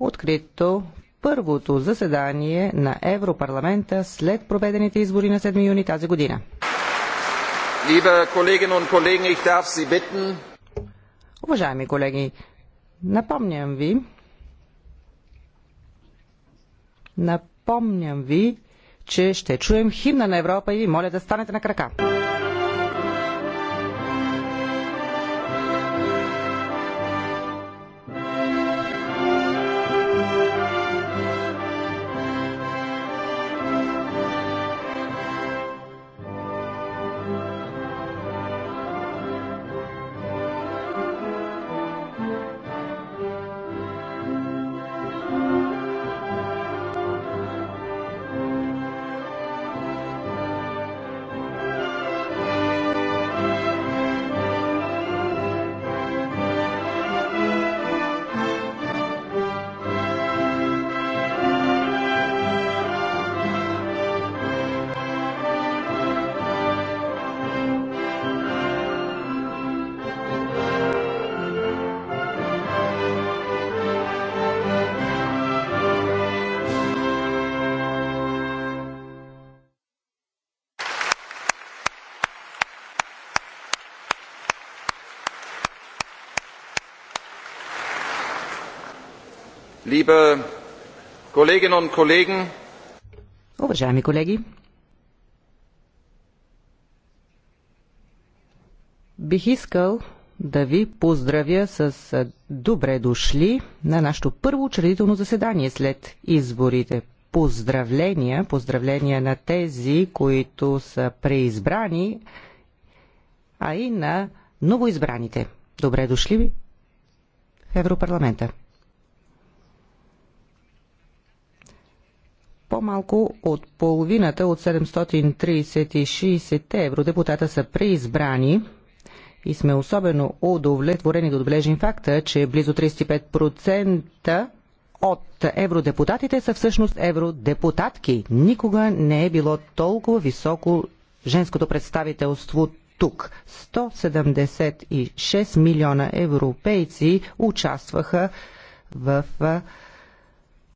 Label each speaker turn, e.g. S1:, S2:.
S1: открито първото заседание на Европарламента след проведените избори на 7 юни тази година. Уважаеми колеги, напомням ви, напомням ви, че ще чуем химна на Европа и моля да станете на крака.
S2: Liebe Kolleginnen und Kollegen,
S1: Уважаеми колеги, бих искал да ви поздравя с добре дошли на нашето първо учредително заседание след изборите. Поздравления, поздравления на тези, които са преизбрани, а и на новоизбраните. Добре дошли в Европарламента. по-малко от половината от 736 евродепутата са преизбрани и сме особено удовлетворени да отбележим факта, че близо 35% от евродепутатите са всъщност евродепутатки. Никога не е било толкова високо женското представителство тук. 176 милиона европейци участваха в